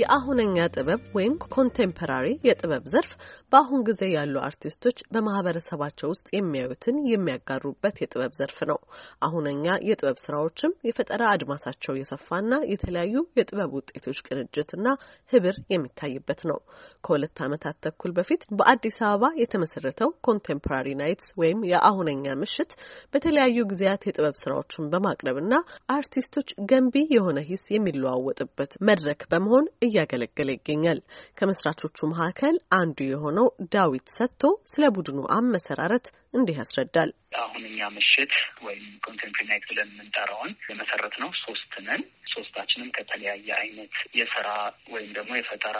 የአሁነኛ ጥበብ ወይም ኮንቴምፖራሪ የጥበብ ዘርፍ በአሁን ጊዜ ያሉ አርቲስቶች በማህበረሰባቸው ውስጥ የሚያዩትን የሚያጋሩበት የጥበብ ዘርፍ ነው። አሁነኛ የጥበብ ስራዎችም የፈጠራ አድማሳቸው የሰፋና የተለያዩ የጥበብ ውጤቶች ቅንጅትና ህብር የሚታይበት ነው። ከሁለት ዓመታት ተኩል በፊት በአዲስ አበባ የተመሰረተው ኮንቴምፖራሪ ናይትስ ወይም የአሁነኛ ምሽት በተለያዩ ጊዜያት የጥበብ ስራዎችን በማቅረብና አርቲስቶች ገንቢ የሆነ ሂስ የሚለዋወጥበት መድረክ በመሆን እያገለገለ ይገኛል። ከመስራቾቹ መካከል አንዱ የሆነ የሆነው ዳዊት ሰጥቶ ስለ ቡድኑ አመሰራረት እንዲህ ያስረዳል። አሁን እኛ ምሽት ወይም ኮንቴምፕሪ ናይት ብለን የምንጠራውን የመሰረት ነው። ሶስት ነን። ሶስታችንም ከተለያየ አይነት የስራ ወይም ደግሞ የፈጠራ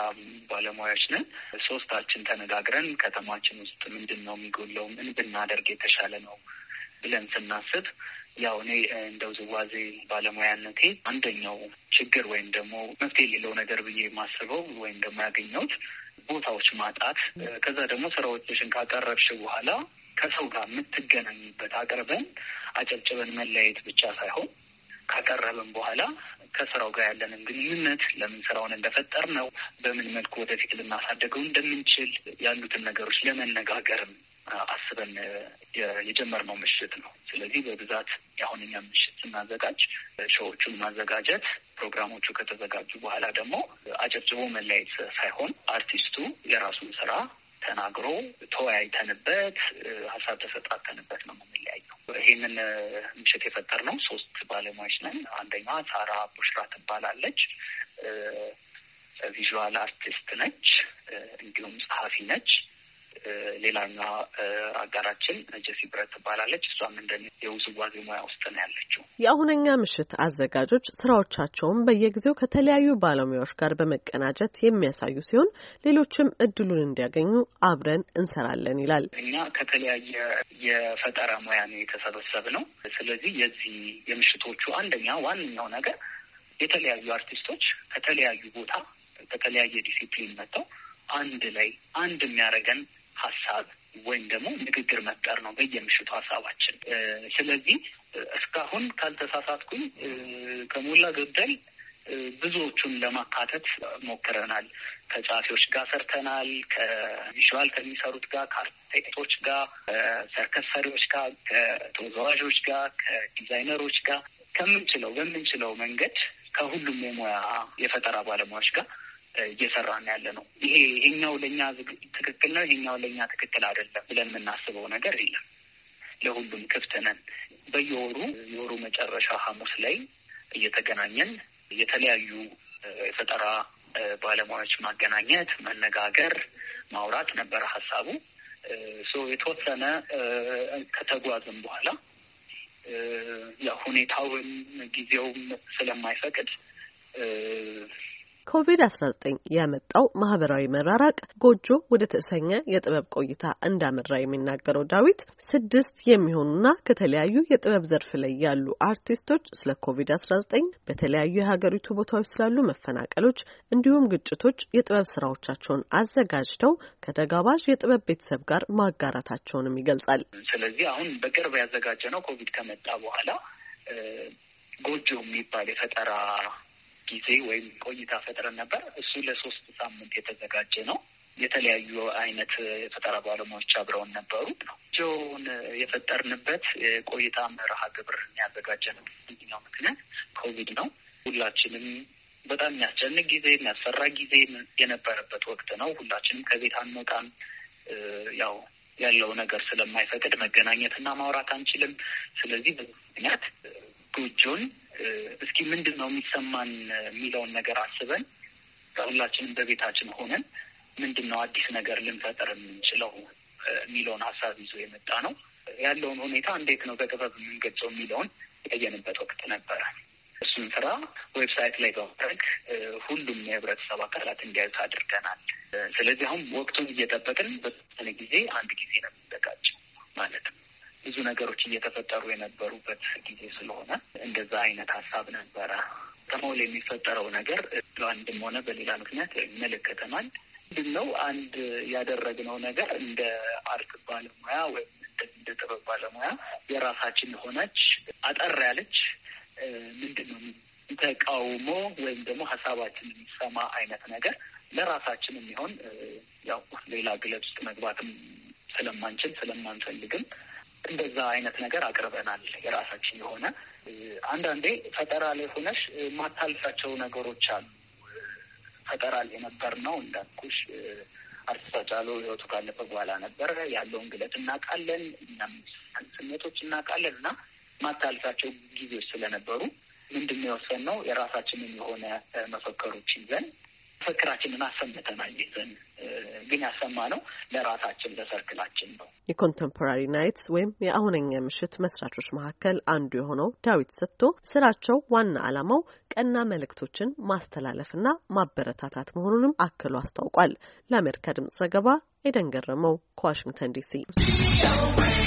ባለሙያዎች ነን። ሶስታችን ተነጋግረን ከተማችን ውስጥ ምንድን ነው የሚጎለው፣ ምን ብናደርግ የተሻለ ነው ብለን ስናስብ ያው እኔ እንደ ውዝዋዜ ባለሙያነቴ አንደኛው ችግር ወይም ደግሞ መፍትሄ የሌለው ነገር ብዬ የማስበው ወይም ደግሞ ያገኘሁት ቦታዎች ማጣት፣ ከዛ ደግሞ ስራዎችሽን ካቀረብሽ በኋላ ከሰው ጋር የምትገናኝበት አቅርበን አጨብጭበን መለያየት ብቻ ሳይሆን ካቀረብን በኋላ ከስራው ጋር ያለንን ግንኙነት ለምን ስራውን እንደፈጠር ነው በምን መልኩ ወደፊት ልናሳደገው እንደምንችል ያሉትን ነገሮች ለመነጋገርም አስበን የጀመርነው ምሽት ነው። ስለዚህ በብዛት የአሁንኛ ምሽት ስናዘጋጅ ሾዎቹን ማዘጋጀት ፕሮግራሞቹ ከተዘጋጁ በኋላ ደግሞ አጨብጭቦ መለያየት ሳይሆን አርቲስቱ የራሱን ስራ ተናግሮ ተወያይተንበት ሀሳብ ተሰጣተንበት ነው የምንለያየው። ይህንን ምሽት ነው ሶስት ባለሙያዎች ነን። አንደኛዋ ሳራ ቡሽራ ትባላለች። ቪዥዋል አርቲስት ነች፣ እንዲሁም ጸሐፊ ነች። ሌላኛ አጋራችን ጀሲ ብረት ትባላለች። እሷም እንደ የውዝዋዜ ሙያ ውስጥ ነው ያለችው። የአሁነኛ ምሽት አዘጋጆች ስራዎቻቸውን በየጊዜው ከተለያዩ ባለሙያዎች ጋር በመቀናጀት የሚያሳዩ ሲሆን ሌሎችም እድሉን እንዲያገኙ አብረን እንሰራለን ይላል። እኛ ከተለያየ የፈጠራ ሙያ ነው የተሰበሰብ ነው። ስለዚህ የዚህ የምሽቶቹ አንደኛ ዋነኛው ነገር የተለያዩ አርቲስቶች ከተለያዩ ቦታ ከተለያየ ዲሲፕሊን መጥተው አንድ ላይ አንድ የሚያደርገን ሀሳብ ወይም ደግሞ ንግግር መፍጠር ነው በየምሽቱ ሀሳባችን። ስለዚህ እስካሁን ካልተሳሳትኩኝ ከሞላ ጎደል ብዙዎቹን ለማካተት ሞክረናል። ከጸሐፊዎች ጋር ሰርተናል። ከቪዥዋል ከሚሰሩት ጋር፣ ከአርክቴክቶች ጋር፣ ከሰርከስ ሰሪዎች ጋር፣ ከተወዛዋዦች ጋር፣ ከዲዛይነሮች ጋር ከምንችለው በምንችለው መንገድ ከሁሉም የሙያ የፈጠራ ባለሙያዎች ጋር እየሰራን ያለ ነው። ይሄ ይሄኛው ለእኛ ትክክል ነው፣ ይሄኛው ለእኛ ትክክል አይደለም ብለን የምናስበው ነገር የለም። ለሁሉም ክፍት ነን። በየወሩ የወሩ መጨረሻ ሐሙስ ላይ እየተገናኘን የተለያዩ የፈጠራ ባለሙያዎች ማገናኘት፣ መነጋገር፣ ማውራት ነበረ ሀሳቡ። የተወሰነ ከተጓዝም በኋላ ያው ሁኔታውን ጊዜውም ስለማይፈቅድ ኮቪድ-19 ያመጣው ማህበራዊ መራራቅ ጎጆ ወደ ተሰኘ የጥበብ ቆይታ እንዳመራ የሚናገረው ዳዊት ስድስት የሚሆኑና ከተለያዩ የጥበብ ዘርፍ ላይ ያሉ አርቲስቶች ስለ ኮቪድ-19 በተለያዩ የሀገሪቱ ቦታዎች ስላሉ መፈናቀሎች እንዲሁም ግጭቶች የጥበብ ስራዎቻቸውን አዘጋጅተው ከተጋባዥ የጥበብ ቤተሰብ ጋር ማጋራታቸውንም ይገልጻል። ስለዚህ አሁን በቅርብ ያዘጋጀ ነው ኮቪድ ከመጣ በኋላ ጎጆ የሚባል የፈጠራ ጊዜ ወይም ቆይታ ፈጥረን ነበር። እሱ ለሶስት ሳምንት የተዘጋጀ ነው። የተለያዩ አይነት የፈጠራ ባለሙያዎች አብረውን ነበሩ። ጆውን የፈጠርንበት የቆይታ መርሃ ግብር ያዘጋጀንበት አንደኛው ምክንያት ኮቪድ ነው። ሁላችንም በጣም የሚያስጨንቅ ጊዜ፣ የሚያስፈራ ጊዜ የነበረበት ወቅት ነው። ሁላችንም ከቤት አንወጣም። ያው ያለው ነገር ስለማይፈቅድ መገናኘትና ማውራት አንችልም። ስለዚህ ምክንያት ጎጆን እስኪ ምንድን ነው የሚሰማን የሚለውን ነገር አስበን ሁላችንም በቤታችን ሆነን ምንድን ነው አዲስ ነገር ልንፈጠር የምንችለው የሚለውን ሀሳብ ይዞ የመጣ ነው። ያለውን ሁኔታ እንዴት ነው በጥበብ የምንገልጸው የሚለውን ያየንበት ወቅት ነበረ። እሱን ስራ ዌብሳይት ላይ በማድረግ ሁሉም የህብረተሰብ አካላት እንዲያዩት አድርገናል። ስለዚህ አሁን ወቅቱን እየጠበቅን በተወሰነ ጊዜ አንድ ጊዜ ነው የሚዘጋጀው ማለት ነው። ብዙ ነገሮች እየተፈጠሩ የነበሩበት ጊዜ ስለሆነ እንደዛ አይነት ሀሳብ ነበረ። ከተማው የሚፈጠረው ነገር በአንድም ሆነ በሌላ ምክንያት ይመለከተናል። ምንድን ነው አንድ ያደረግነው ነገር እንደ አርት ባለሙያ ወይም እንደ ጥበብ ባለሙያ የራሳችን የሆነች አጠር ያለች ምንድን ነው ተቃውሞ ወይም ደግሞ ሀሳባችን የሚሰማ አይነት ነገር ለራሳችን የሚሆን ያው ሌላ ግለብ ውስጥ መግባትም ስለማንችል ስለማንፈልግም እንደዛ አይነት ነገር አቅርበናል። የራሳችን የሆነ አንዳንዴ ፈጠራ ላይ ሆነሽ ማታልፋቸው ነገሮች አሉ። ፈጠራ ላይ ነበር ነው እንዳልኩሽ። አርቲስት ሃጫሉ ህይወቱ ካለፈ በኋላ ነበረ ያለውን ግለት እናውቃለን፣ ስሜቶች እናውቃለን እና ማታልፋቸው ጊዜዎች ስለነበሩ ምንድን ነው የራሳችንን የሆነ መፈክሮች ይዘን መፈክራችንን አሰምተናል ይዘን ግን ነው ለራሳችን ለሰርክላችን ነው። የኮንቴምፖራሪ ናይትስ ወይም የአሁነኛ ምሽት መስራቾች መካከል አንዱ የሆነው ዳዊት ሰጥቶ ስራቸው ዋና ዓላማው ቀና መልእክቶችን ማስተላለፍና ማበረታታት መሆኑንም አክሎ አስታውቋል። ለአሜሪካ ድምጽ ዘገባ ኤደን ገረመው ከዋሽንግተን ዲሲ